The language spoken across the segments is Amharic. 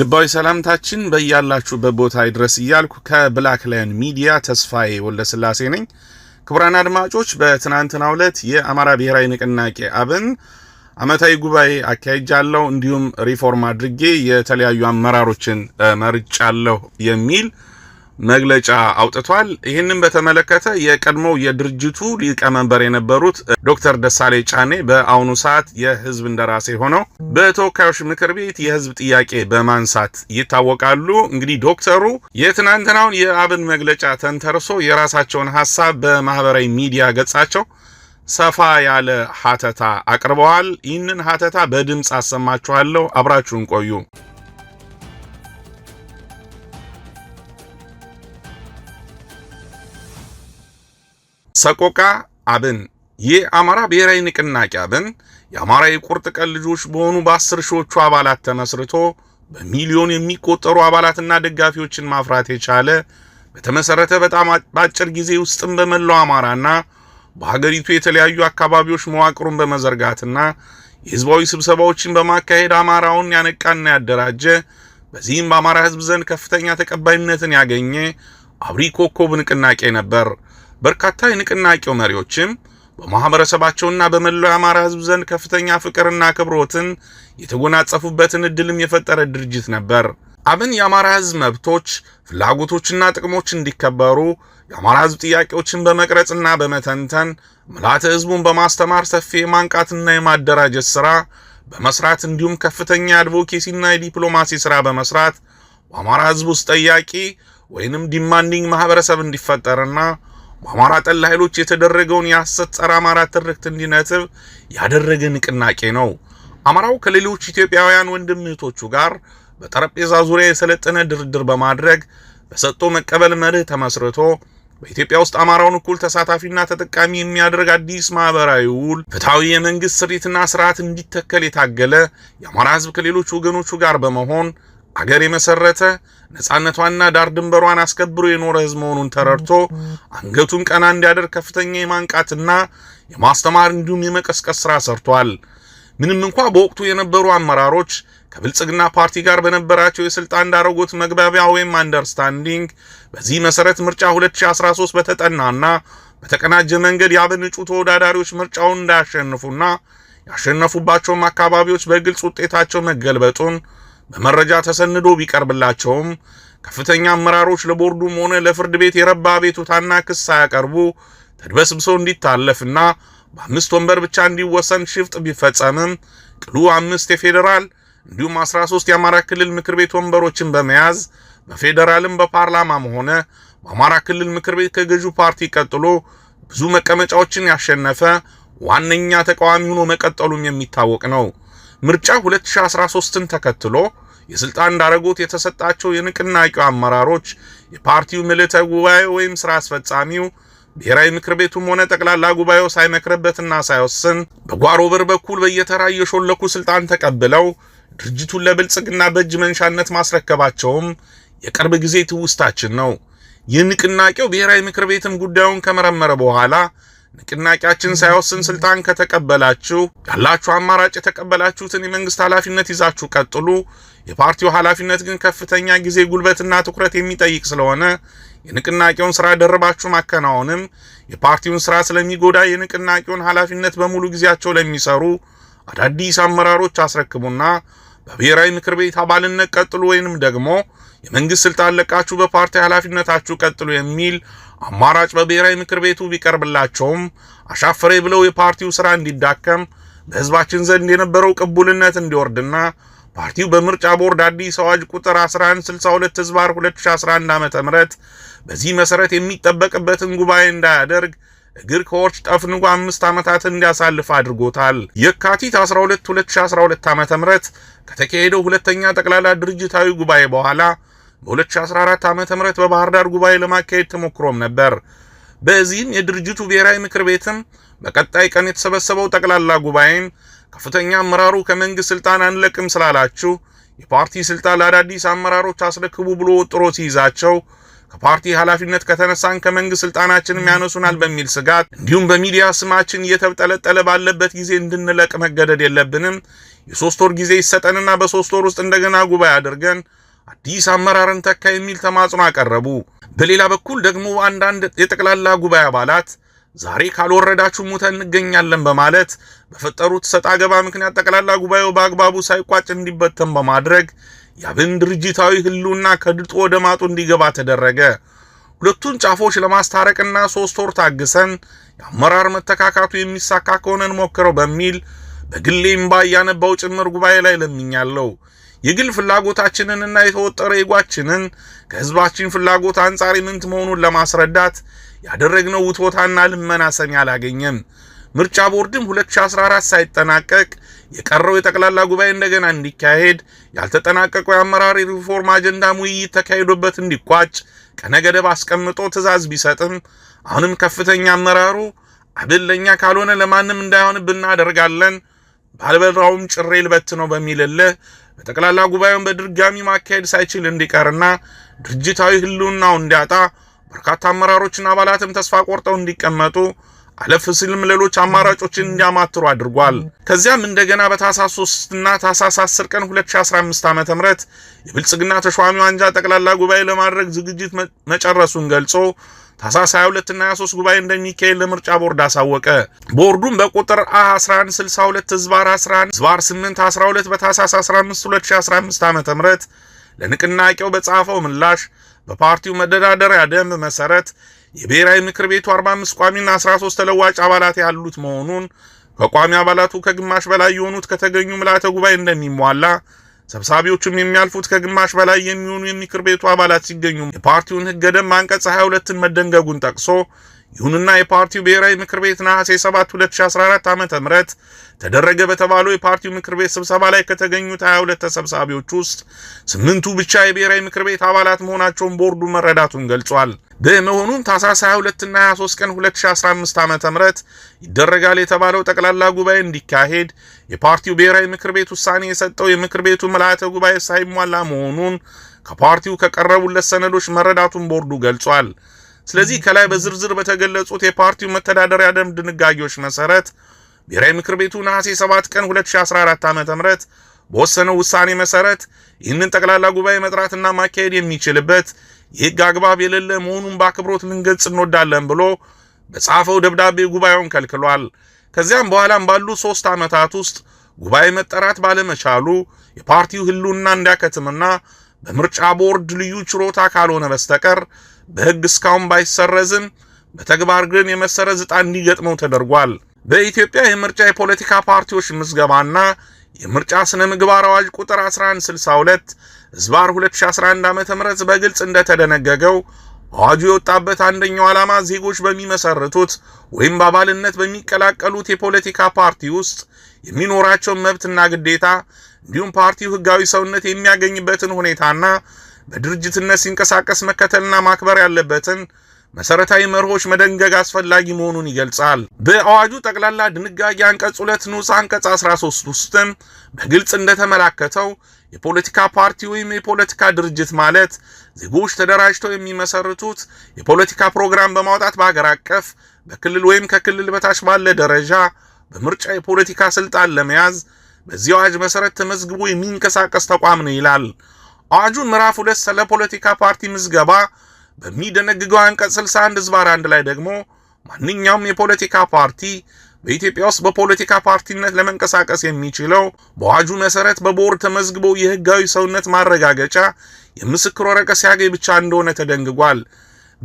ልባዊ ሰላምታችን በያላችሁበት ቦታ ይድረስ እያልኩ ከብላክ ላየን ሚዲያ ተስፋዬ ወልደስላሴ ነኝ። ክቡራን አድማጮች በትናንትናው ዕለት የአማራ ብሔራዊ ንቅናቄ አብን ዓመታዊ ጉባኤ አካሂጃለሁ፣ እንዲሁም ሪፎርም አድርጌ የተለያዩ አመራሮችን መርጫለሁ የሚል መግለጫ አውጥቷል። ይህንን በተመለከተ የቀድሞው የድርጅቱ ሊቀመንበር የነበሩት ዶክተር ደሳሌ ጫኔ በአሁኑ ሰዓት የህዝብ እንደራሴ ሆነው በተወካዮች ምክር ቤት የህዝብ ጥያቄ በማንሳት ይታወቃሉ። እንግዲህ ዶክተሩ የትናንትናውን የአብን መግለጫ ተንተርሶ የራሳቸውን ሀሳብ በማህበራዊ ሚዲያ ገጻቸው ሰፋ ያለ ሀተታ አቅርበዋል። ይህንን ሀተታ በድምፅ አሰማችኋለሁ። አብራችሁን ቆዩ። ሰቆቃ አብን ይህ የአማራ ብሔራዊ ንቅናቄ አብን የአማራ የቁርጥ ቀን ልጆች በሆኑ በአስር ሺዎቹ አባላት ተመስርቶ በሚሊዮን የሚቆጠሩ አባላትና ደጋፊዎችን ማፍራት የቻለ በተመሰረተ በጣም በአጭር ጊዜ ውስጥም በመላው አማራና በሀገሪቱ የተለያዩ አካባቢዎች መዋቅሩን በመዘርጋትና የህዝባዊ ስብሰባዎችን በማካሄድ አማራውን ያነቃና ያደራጀ በዚህም በአማራ ህዝብ ዘንድ ከፍተኛ ተቀባይነትን ያገኘ አብሪ ኮከብ ንቅናቄ ነበር። በርካታ የንቅናቄው መሪዎችም በማኅበረሰባቸውና በመላው የአማራ ህዝብ ዘንድ ከፍተኛ ፍቅርና አክብሮትን የተጎናጸፉበትን እድልም የፈጠረ ድርጅት ነበር። አብን የአማራ ህዝብ መብቶች፣ ፍላጎቶችና ጥቅሞች እንዲከበሩ የአማራ ህዝብ ጥያቄዎችን በመቅረጽና በመተንተን ምልዓተ ህዝቡን በማስተማር ሰፊ የማንቃትና የማደራጀት ሥራ በመስራት እንዲሁም ከፍተኛ የአድቮኬሲና የዲፕሎማሲ ሥራ በመስራት በአማራ ህዝብ ውስጥ ጠያቂ ወይንም ዲማንዲንግ ማኅበረሰብ እንዲፈጠርና በአማራ ጠል ኃይሎች የተደረገውን የሐሰት ጸረ አማራ ትርክት እንዲነትብ ያደረገ ንቅናቄ ነው። አማራው ከሌሎች ኢትዮጵያውያን ወንድም እህቶቹ ጋር በጠረጴዛ ዙሪያ የሰለጠነ ድርድር በማድረግ በሰጥቶ መቀበል መርህ ተመስርቶ በኢትዮጵያ ውስጥ አማራውን እኩል ተሳታፊና ተጠቃሚ የሚያደርግ አዲስ ማህበራዊ ውል፣ ፍትሐዊ የመንግስት ስሪትና ስርዓት እንዲተከል የታገለ የአማራ ህዝብ ከሌሎች ወገኖቹ ጋር በመሆን አገር የመሰረተ ነፃነቷና ዳር ድንበሯን አስከብሮ የኖረ ህዝብ መሆኑን ተረድቶ አንገቱን ቀና እንዲያደርግ ከፍተኛ የማንቃትና የማስተማር እንዲሁም የመቀስቀስ ስራ ሰርቷል። ምንም እንኳ በወቅቱ የነበሩ አመራሮች ከብልጽግና ፓርቲ ጋር በነበራቸው የስልጣን ዳረጎት መግባቢያ ወይም አንደርስታንዲንግ በዚህ መሰረት ምርጫ 2013 በተጠናና በተቀናጀ መንገድ የአብን እጩ ተወዳዳሪዎች ምርጫውን እንዳያሸንፉና ያሸነፉባቸውም አካባቢዎች በግልጽ ውጤታቸው መገልበጡን በመረጃ ተሰንዶ ቢቀርብላቸውም ከፍተኛ አመራሮች ለቦርዱም ሆነ ለፍርድ ቤት የረባ ቤቱታና ክስ ሳያቀርቡ ተድበስብሶ እንዲታለፍና በአምስት ወንበር ብቻ እንዲወሰን ሽፍጥ ቢፈጸምም ቅሉ አምስት የፌዴራል እንዲሁም 13 የአማራ ክልል ምክር ቤት ወንበሮችን በመያዝ በፌዴራልም በፓርላማም ሆነ በአማራ ክልል ምክር ቤት ከገዢው ፓርቲ ቀጥሎ ብዙ መቀመጫዎችን ያሸነፈ ዋነኛ ተቃዋሚ ሆኖ መቀጠሉም የሚታወቅ ነው። ምርጫ 2013ን ተከትሎ የስልጣን ዳረጎት የተሰጣቸው የንቅናቄው አመራሮች፣ የፓርቲው ምልዕተ ጉባኤ ወይም ስራ አስፈጻሚው ብሔራዊ ምክር ቤቱም ሆነ ጠቅላላ ጉባኤው ሳይመክርበትና ሳይወስን በጓሮ በር በኩል በየተራ እየሾለኩ ስልጣን ተቀብለው ድርጅቱን ለብልጽግና በእጅ መንሻነት ማስረከባቸውም የቅርብ ጊዜ ትውስታችን ነው። ይህ ንቅናቄው ብሔራዊ ምክር ቤትም ጉዳዩን ከመረመረ በኋላ ንቅናቄያችን ሳይወስን ስልጣን ከተቀበላችሁ ያላችሁ አማራጭ የተቀበላችሁትን የመንግስት ኃላፊነት ይዛችሁ ቀጥሉ። የፓርቲው ኃላፊነት ግን ከፍተኛ ጊዜ፣ ጉልበትና ትኩረት የሚጠይቅ ስለሆነ የንቅናቄውን ስራ ደርባችሁ ማከናወንም የፓርቲውን ስራ ስለሚጎዳ የንቅናቄውን ኃላፊነት በሙሉ ጊዜያቸው ለሚሰሩ አዳዲስ አመራሮች አስረክቡና በብሔራዊ ምክር ቤት አባልነት ቀጥሉ ወይንም ደግሞ የመንግስት ስልጣን ለቃችሁ በፓርቲ ኃላፊነታችሁ ቀጥሉ የሚል አማራጭ በብሔራዊ ምክር ቤቱ ቢቀርብላቸውም አሻፈሬ ብለው የፓርቲው ስራ እንዲዳከም በህዝባችን ዘንድ የነበረው ቅቡልነት እንዲወርድና ፓርቲው በምርጫ ቦርድ አዲስ አዋጅ ቁጥር 1162 ህዝባር 2011 ዓ.ም በዚህ መሰረት የሚጠበቅበትን ጉባኤ እንዳያደርግ እግር ከወርች ጠፍንጎ አምስት ዓመታት እንዲያሳልፍ አድርጎታል። የካቲት 12 2012 ዓ.ም ከተካሄደው ሁለተኛ ጠቅላላ ድርጅታዊ ጉባኤ በኋላ በ2014 ዓ ም በባህር ዳር ጉባኤ ለማካሄድ ተሞክሮም ነበር። በዚህም የድርጅቱ ብሔራዊ ምክር ቤትም በቀጣይ ቀን የተሰበሰበው ጠቅላላ ጉባኤም ከፍተኛ አመራሩ ከመንግስት ስልጣን አንለቅም ስላላችሁ የፓርቲ ስልጣን ለአዳዲስ አመራሮች አስረክቡ ብሎ ወጥሮ ሲይዛቸው ከፓርቲ ኃላፊነት ከተነሳን ከመንግስት ስልጣናችንም ያነሱናል በሚል ስጋት እንዲሁም በሚዲያ ስማችን እየተጠለጠለ ባለበት ጊዜ እንድንለቅ መገደድ የለብንም። የሶስት ወር ጊዜ ይሰጠንና በሶስት ወር ውስጥ እንደገና ጉባኤ አድርገን አዲስ አመራርን ተካ የሚል ተማጽኖ አቀረቡ። በሌላ በኩል ደግሞ አንዳንድ የጠቅላላ ጉባኤ አባላት ዛሬ ካልወረዳችሁ ሙተን እንገኛለን በማለት በፈጠሩት ሰጣ ገባ ምክንያት ጠቅላላ ጉባኤው በአግባቡ ሳይቋጭ እንዲበተን በማድረግ የአብን ድርጅታዊ ህልውና ከድጡ ወደ ማጡ እንዲገባ ተደረገ። ሁለቱን ጫፎች ለማስታረቅና ሶስት ወር ታግሰን የአመራር መተካካቱ የሚሳካ ከሆነ እንሞክረው በሚል በግሌ እምባ እያነባው ጭምር ጉባኤ ላይ ለምኛለሁ። የግል ፍላጎታችንንና የተወጠረ ይጓችንን ከህዝባችን ፍላጎት አንጻር ምንት መሆኑን ለማስረዳት ያደረግነው ውትወታና ልመና ሰሚ አላገኘም። ምርጫ ቦርድም 2014 ሳይጠናቀቅ የቀረው የጠቅላላ ጉባኤ እንደገና እንዲካሄድ ያልተጠናቀቀው የአመራር ሪፎርም አጀንዳም ውይይት ተካሂዶበት እንዲቋጭ ቀነ ገደብ አስቀምጦ ትእዛዝ ቢሰጥም አሁንም ከፍተኛ አመራሩ አብል ለእኛ ካልሆነ ለማንም እንዳይሆን ብናደርጋለን ባልበራውም ጭሬ ልበት ነው በሚልልህ በጠቅላላ ጉባኤውን በድርጋሚ ማካሄድ ሳይችል እንዲቀርና ድርጅታዊ ህልውናው እንዲያጣ በርካታ አመራሮችና አባላትም ተስፋ ቆርጠው እንዲቀመጡ አለፍ ሲልም ሌሎች አማራጮችን እንዲያማትሩ አድርጓል። ከዚያም እንደገና በታህሳስ 3 እና ታህሳስ 10 ቀን 2015 ዓ.ም የብልጽግና ተሿሚ ዋንጃ ጠቅላላ ጉባኤ ለማድረግ ዝግጅት መጨረሱን ገልጾ ታህሳስ 22 እና 23 ጉባኤ እንደሚካሄድ ለምርጫ ቦርድ አሳወቀ። ቦርዱም በቁጥር አ 1162 ዝባር 11 ዝባር 8 12 በታህሳስ 15 2015 ዓ ም ለንቅናቄው በጻፈው ምላሽ በፓርቲው መደዳደሪያ ደንብ መሰረት የብሔራዊ ምክር ቤቱ 45 ቋሚና 13 ተለዋጭ አባላት ያሉት መሆኑን ከቋሚ አባላቱ ከግማሽ በላይ የሆኑት ከተገኙ ምልአተ ጉባኤ እንደሚሟላ ሰብሳቢዎቹም የሚያልፉት ከግማሽ በላይ የሚሆኑ የምክር ቤቱ አባላት ሲገኙ የፓርቲውን ህገ ደንብ አንቀጽ 22ን መደንገጉን ጠቅሶ ይሁንና የፓርቲው ብሔራዊ ምክር ቤት ነሐሴ 7 2014 ዓ ም ተደረገ በተባለው የፓርቲው ምክር ቤት ስብሰባ ላይ ከተገኙት 22 ተሰብሳቢዎች ውስጥ ስምንቱ ብቻ የብሔራዊ ምክር ቤት አባላት መሆናቸውን ቦርዱ መረዳቱን ገልጿል። በመሆኑም ታኅሳስ 22 እና 23 ቀን 2015 ዓ ም ይደረጋል የተባለው ጠቅላላ ጉባኤ እንዲካሄድ የፓርቲው ብሔራዊ ምክር ቤት ውሳኔ የሰጠው የምክር ቤቱ ምልዓተ ጉባኤ ሳይሟላ መሆኑን ከፓርቲው ከቀረቡለት ሰነዶች መረዳቱን ቦርዱ ገልጿል። ስለዚህ ከላይ በዝርዝር በተገለጹት የፓርቲው መተዳደሪያ ደንብ ድንጋጌዎች መሰረት ብሔራዊ ምክር ቤቱ ነሐሴ 7 ቀን 2014 ዓ ም በወሰነው ውሳኔ መሰረት ይህንን ጠቅላላ ጉባኤ መጥራትና ማካሄድ የሚችልበት ይህግ አግባብ የሌለ መሆኑን በአክብሮት ልንገልጽ እንወዳለን ብሎ በጻፈው ደብዳቤ ጉባኤውን ከልክሏል። ከዚያም በኋላም ባሉ ሶስት ዓመታት ውስጥ ጉባኤ መጠራት ባለመቻሉ የፓርቲው ህልውና እንዲያከትምና በምርጫ ቦርድ ልዩ ችሮታ ካልሆነ በስተቀር በሕግ እስካሁን ባይሰረዝም በተግባር ግን የመሰረዝ ዕጣ እንዲገጥመው ተደርጓል። በኢትዮጵያ የምርጫ የፖለቲካ ፓርቲዎች ምዝገባና የምርጫ ስነ ምግባር አዋጅ ቁጥር 1162 ህዝባር 2011 ዓ ም በግልጽ እንደተደነገገው አዋጁ የወጣበት አንደኛው ዓላማ ዜጎች በሚመሰርቱት ወይም በአባልነት በሚቀላቀሉት የፖለቲካ ፓርቲ ውስጥ የሚኖራቸውን መብትና ግዴታ እንዲሁም ፓርቲው ህጋዊ ሰውነት የሚያገኝበትን ሁኔታና በድርጅትነት ሲንቀሳቀስ መከተልና ማክበር ያለበትን መሰረታዊ መርሆች መደንገግ አስፈላጊ መሆኑን ይገልጻል። በአዋጁ ጠቅላላ ድንጋጌ አንቀጽ ሁለት ንዑስ አንቀጽ 13 ውስጥም በግልጽ እንደተመላከተው የፖለቲካ ፓርቲ ወይም የፖለቲካ ድርጅት ማለት ዜጎች ተደራጅተው የሚመሰርቱት የፖለቲካ ፕሮግራም በማውጣት በሀገር አቀፍ፣ በክልል ወይም ከክልል በታች ባለ ደረጃ በምርጫ የፖለቲካ ስልጣን ለመያዝ በዚህ አዋጅ መሰረት ተመዝግቦ የሚንቀሳቀስ ተቋም ነው ይላል። አዋጁ ምዕራፍ ሁለት ስለ ፖለቲካ ፓርቲ ምዝገባ በሚደነግገው አንቀጽ 61 ዝባር አንድ ላይ ደግሞ ማንኛውም የፖለቲካ ፓርቲ በኢትዮጵያ ውስጥ በፖለቲካ ፓርቲነት ለመንቀሳቀስ የሚችለው በአዋጁ መሰረት በቦርድ ተመዝግቦ የህጋዊ ሰውነት ማረጋገጫ የምስክር ወረቀት ሲያገኝ ብቻ እንደሆነ ተደንግጓል።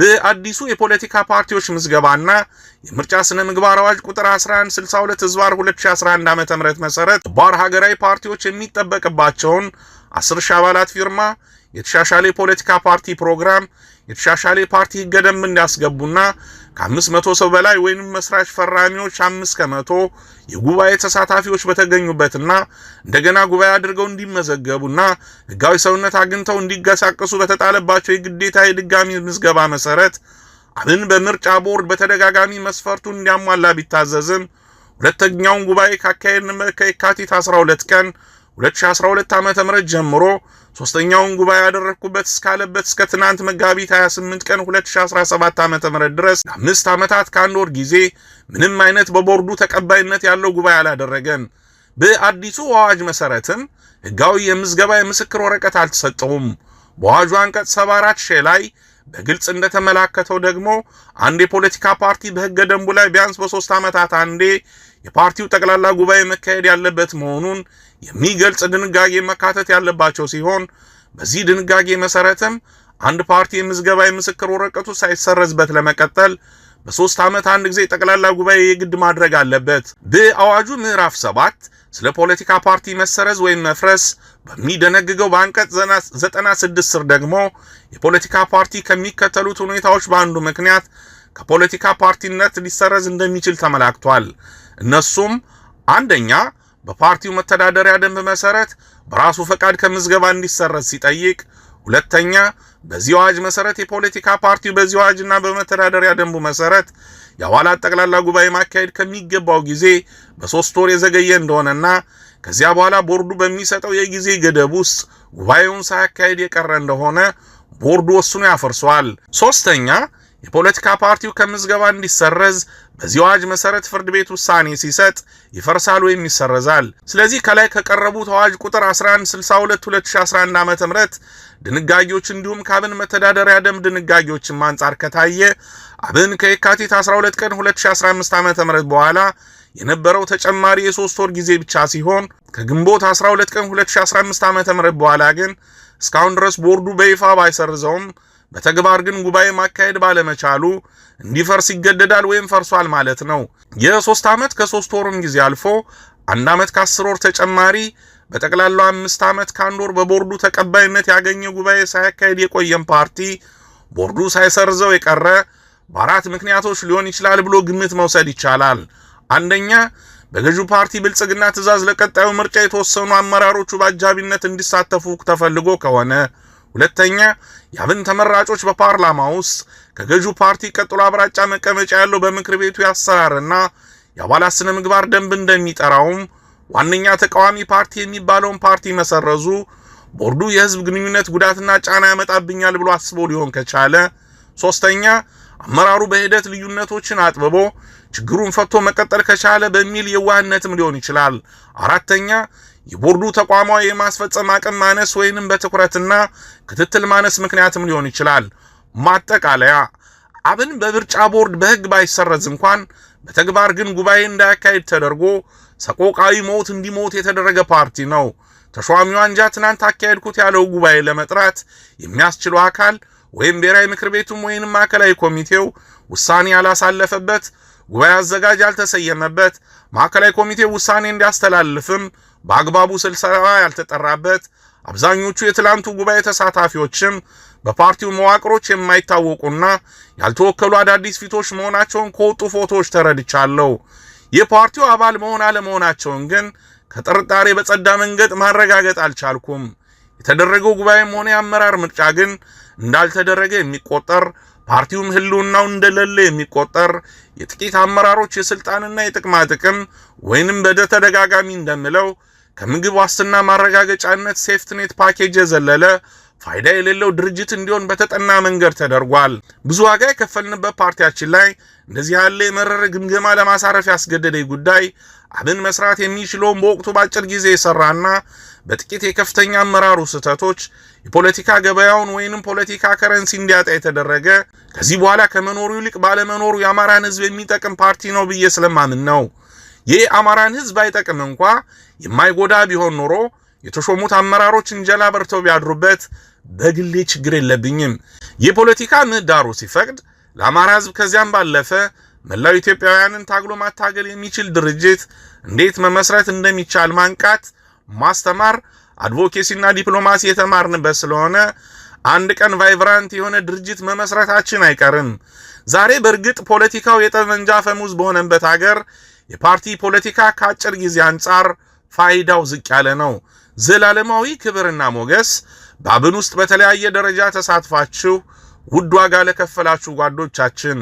በአዲሱ የፖለቲካ ፓርቲዎች ምዝገባና የምርጫ ስነ ምግባር አዋጅ ቁጥር 1162 ህዝባር 2011 ዓ ም መሰረት ባር ሀገራዊ ፓርቲዎች የሚጠበቅባቸውን 10 ሺህ አባላት ፊርማ የተሻሻለ የፖለቲካ ፓርቲ ፕሮግራም፣ የተሻሻለ የፓርቲ ህገ ደንብ እንዲያስገቡና ከአምስት መቶ ሰው በላይ ወይም መስራች ፈራሚዎች አምስት ከመቶ የጉባኤ ተሳታፊዎች በተገኙበትና እንደገና ጉባኤ አድርገው እንዲመዘገቡና ህጋዊ ሰውነት አግኝተው እንዲንቀሳቀሱ በተጣለባቸው የግዴታ የድጋሚ ምዝገባ መሰረት አብን በምርጫ ቦርድ በተደጋጋሚ መስፈርቱን እንዲያሟላ ቢታዘዝም ሁለተኛውን ጉባኤ ካካሄድን ከየካቲት 12 ቀን 2012 ዓ.ም ጀምሮ ሶስተኛውን ጉባኤ ያደረግኩበት እስካለበት እስከ ትናንት መጋቢት 28 ቀን 2017 ዓ.ም ድረስ ለአምስት ዓመታት ከአንድ ወር ጊዜ ምንም አይነት በቦርዱ ተቀባይነት ያለው ጉባኤ አላደረገም። በአዲሱ አዋጅ መሰረትም ህጋዊ የምዝገባ የምስክር ወረቀት አልተሰጠውም። በአዋጁ አንቀጽ 74 ሼ ላይ በግልጽ እንደተመላከተው ደግሞ አንድ የፖለቲካ ፓርቲ በህገ ደንቡ ላይ ቢያንስ በሶስት ዓመታት አንዴ የፓርቲው ጠቅላላ ጉባኤ መካሄድ ያለበት መሆኑን የሚገልጽ ድንጋጌ መካተት ያለባቸው ሲሆን በዚህ ድንጋጌ መሰረትም አንድ ፓርቲ የምዝገባ የምስክር ወረቀቱ ሳይሰረዝበት ለመቀጠል በሶስት ዓመት አንድ ጊዜ ጠቅላላ ጉባኤ የግድ ማድረግ አለበት። በአዋጁ ምዕራፍ ሰባት ስለ ፖለቲካ ፓርቲ መሰረዝ ወይም መፍረስ በሚደነግገው በአንቀጽ 96 ስር ደግሞ የፖለቲካ ፓርቲ ከሚከተሉት ሁኔታዎች በአንዱ ምክንያት ከፖለቲካ ፓርቲነት ሊሰረዝ እንደሚችል ተመላክቷል። እነሱም አንደኛ በፓርቲው መተዳደሪያ ደንብ መሰረት በራሱ ፈቃድ ከምዝገባ እንዲሰረዝ ሲጠይቅ፣ ሁለተኛ በዚህ አዋጅ መሰረት የፖለቲካ ፓርቲው በዚህ አዋጅና በመተዳደሪያ ደንቡ መሰረት የአባላት ጠቅላላ ጉባኤ ማካሄድ ከሚገባው ጊዜ በሶስት ወር የዘገየ እንደሆነና ከዚያ በኋላ ቦርዱ በሚሰጠው የጊዜ ገደብ ውስጥ ጉባኤውን ሳያካሄድ የቀረ እንደሆነ ቦርዱ ወስኖ ያፈርሰዋል። ሶስተኛ የፖለቲካ ፓርቲው ከምዝገባ እንዲሰረዝ በዚህ አዋጅ መሰረት ፍርድ ቤት ውሳኔ ሲሰጥ ይፈርሳል ወይም ይሰረዛል። ስለዚህ ከላይ ከቀረቡት አዋጅ ቁጥር 1162 2011 ዓ ም ድንጋጌዎች እንዲሁም ከአብን መተዳደሪያ ደንብ ድንጋጌዎችን አንጻር ከታየ አብን ከየካቲት 12 ቀን 2015 ዓ.ም በኋላ የነበረው ተጨማሪ የሶስት ወር ጊዜ ብቻ ሲሆን ከግንቦት 12 ቀን 2015 ዓ.ም በኋላ ግን እስካሁን ድረስ ቦርዱ በይፋ ባይሰርዘውም በተግባር ግን ጉባኤ ማካሄድ ባለመቻሉ እንዲፈርስ ይገደዳል ወይም ፈርሷል ማለት ነው። የሶስት ዓመት ከሶስት ወርም ጊዜ አልፎ አንድ ዓመት ከአስር ወር ተጨማሪ በጠቅላላው አምስት ዓመት ከአንድ ወር በቦርዱ ተቀባይነት ያገኘ ጉባኤ ሳያካሄድ የቆየም ፓርቲ ቦርዱ ሳይሰርዘው የቀረ በአራት ምክንያቶች ሊሆን ይችላል ብሎ ግምት መውሰድ ይቻላል። አንደኛ በገዢው ፓርቲ ብልጽግና ትዕዛዝ ለቀጣዩ ምርጫ የተወሰኑ አመራሮቹ በአጃቢነት እንዲሳተፉ ተፈልጎ ከሆነ፣ ሁለተኛ የአብን ተመራጮች በፓርላማ ውስጥ ከገዢው ፓርቲ ቀጥሎ አብራጫ መቀመጫ ያለው በምክር ቤቱ ያሰራርና የአባላት ስነ ምግባር ደንብ እንደሚጠራውም ዋነኛ ተቃዋሚ ፓርቲ የሚባለውን ፓርቲ መሰረዙ ቦርዱ የህዝብ ግንኙነት ጉዳትና ጫና ያመጣብኛል ብሎ አስቦ ሊሆን ከቻለ፣ ሶስተኛ አመራሩ በሂደት ልዩነቶችን አጥብቦ ችግሩን ፈቶ መቀጠል ከቻለ በሚል የዋህነትም ሊሆን ይችላል። አራተኛ የቦርዱ ተቋማዊ የማስፈጸም አቅም ማነስ ወይንም በትኩረትና ክትትል ማነስ ምክንያትም ሊሆን ይችላል። ማጠቃለያ አብን በምርጫ ቦርድ በሕግ ባይሰረዝ እንኳን በተግባር ግን ጉባኤ እንዳያካሄድ ተደርጎ ሰቆቃዊ ሞት እንዲሞት የተደረገ ፓርቲ ነው። ተሿሚው አንጃ ትናንት አካሄድኩት ያለው ጉባኤ ለመጥራት የሚያስችለው አካል ወይም ብሔራዊ ምክር ቤቱም ወይም ማዕከላዊ ኮሚቴው ውሳኔ ያላሳለፈበት ጉባኤ አዘጋጅ ያልተሰየመበት ማዕከላዊ ኮሚቴው ውሳኔ እንዲያስተላልፍም በአግባቡ ስብሰባ ያልተጠራበት አብዛኞቹ የትላንቱ ጉባኤ ተሳታፊዎችም በፓርቲው መዋቅሮች የማይታወቁና ያልተወከሉ አዳዲስ ፊቶች መሆናቸውን ከወጡ ፎቶዎች ተረድቻለሁ። የፓርቲው አባል መሆን አለመሆናቸውን ግን ከጥርጣሬ በጸዳ መንገድ ማረጋገጥ አልቻልኩም። የተደረገው ጉባኤም ሆነ የአመራር ምርጫ ግን እንዳልተደረገ የሚቆጠር ፓርቲውም ህልውናው እንደሌለ የሚቆጠር የጥቂት አመራሮች የስልጣንና የጥቅማ ጥቅም ወይንም በተደጋጋሚ እንደምለው ከምግብ ዋስትና ማረጋገጫነት ሴፍትኔት ፓኬጅ የዘለለ ፋይዳ የሌለው ድርጅት እንዲሆን በተጠና መንገድ ተደርጓል። ብዙ ዋጋ የከፈልንበት ፓርቲያችን ላይ እንደዚህ ያለ የመረረ ግምገማ ለማሳረፍ ያስገደደኝ ጉዳይ አብን መስራት የሚችለውን በወቅቱ በአጭር ጊዜ የሰራና በጥቂት የከፍተኛ አመራሩ ስህተቶች የፖለቲካ ገበያውን ወይንም ፖለቲካ ከረንሲ እንዲያጣ የተደረገ ከዚህ በኋላ ከመኖሩ ይልቅ ባለመኖሩ የአማራን ሕዝብ የሚጠቅም ፓርቲ ነው ብዬ ስለማምን ነው። ይህ አማራን ሕዝብ አይጠቅም እንኳ የማይጎዳ ቢሆን ኖሮ የተሾሙት አመራሮች እንጀላ በርተው ቢያድሩበት በግሌ ችግር የለብኝም። የፖለቲካ ምህዳሩ ሲፈቅድ ለአማራ ህዝብ ከዚያም ባለፈ መላው ኢትዮጵያውያንን ታግሎ ማታገል የሚችል ድርጅት እንዴት መመስረት እንደሚቻል ማንቃት፣ ማስተማር፣ አድቮኬሲና ዲፕሎማሲ የተማርንበት ስለሆነ አንድ ቀን ቫይብራንት የሆነ ድርጅት መመስረታችን አይቀርም። ዛሬ በእርግጥ ፖለቲካው የጠመንጃ ፈሙዝ በሆነበት አገር የፓርቲ ፖለቲካ ከአጭር ጊዜ አንጻር ፋይዳው ዝቅ ያለ ነው። ዘላለማዊ ክብርና ሞገስ በአብን ውስጥ በተለያየ ደረጃ ተሳትፋችሁ ውድ ዋጋ ለከፈላችሁ ጓዶቻችን